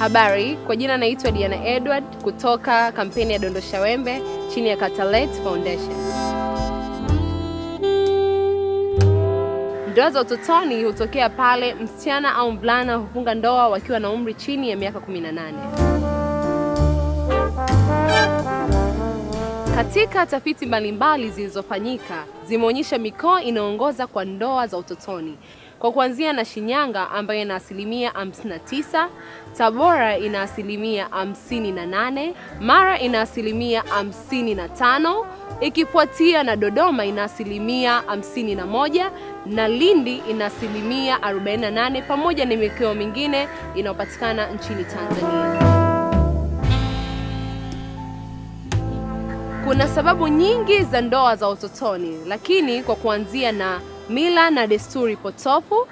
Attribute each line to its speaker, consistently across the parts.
Speaker 1: Habari, kwa jina naitwa Diana Edward kutoka kampeni ya Dondosha Wembe chini ya Catalet Foundation. Ndoa za utotoni hutokea pale msichana au mvulana hufunga ndoa wakiwa na umri chini ya miaka 18. Katika tafiti mbalimbali zilizofanyika zimeonyesha mikoa inaongoza kwa ndoa za utotoni kwa kuanzia na Shinyanga ambayo ina asilimia 59, Tabora ina asilimia 58, Mara ina asilimia 55, ikifuatia na Dodoma ina asilimia 51 na Lindi ina asilimia 48 pamoja na mikoa mingine inayopatikana nchini Tanzania. Kuna sababu nyingi za ndoa za utotoni, lakini kwa kuanzia na mila na desturi potofu,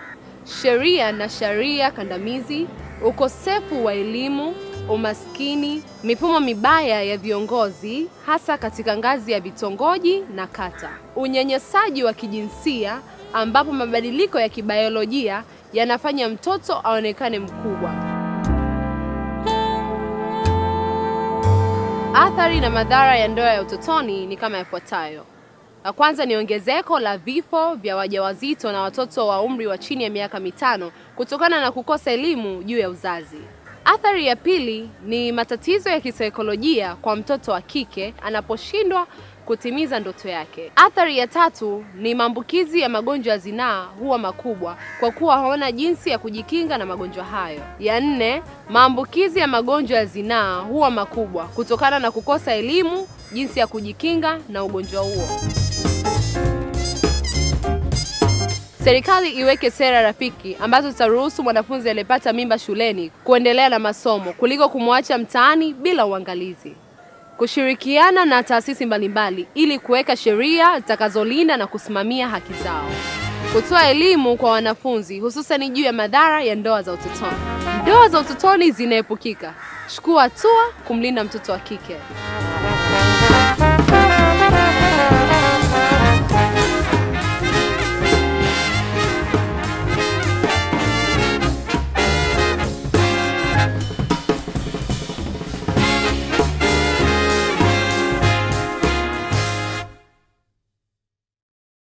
Speaker 1: sheria na sharia kandamizi, ukosefu wa elimu, umaskini, mifumo mibaya ya viongozi hasa katika ngazi ya vitongoji na kata, unyanyasaji wa kijinsia ambapo mabadiliko ya kibayolojia yanafanya mtoto aonekane mkubwa. Athari na madhara ya ndoa ya utotoni ni kama yafuatayo. La kwanza ni ongezeko la vifo vya wajawazito na watoto wa umri wa chini ya miaka mitano kutokana na kukosa elimu juu ya uzazi. Athari ya pili ni matatizo ya kisaikolojia kwa mtoto wa kike anaposhindwa kutimiza ndoto yake. Athari ya tatu ni maambukizi ya magonjwa ya zinaa huwa makubwa kwa kuwa hawana jinsi ya kujikinga na magonjwa hayo. Ya nne, maambukizi ya magonjwa ya zinaa huwa makubwa kutokana na kukosa elimu jinsi ya kujikinga na ugonjwa huo. Serikali iweke sera rafiki ambazo zitaruhusu mwanafunzi aliyepata mimba shuleni kuendelea na masomo kuliko kumwacha mtaani bila uangalizi kushirikiana na taasisi mbalimbali ili kuweka sheria zitakazolinda na kusimamia haki zao, kutoa elimu kwa wanafunzi hususan juu ya madhara ya ndoa za utotoni. Ndoa za utotoni zinaepukika. Chukua hatua kumlinda mtoto wa kike.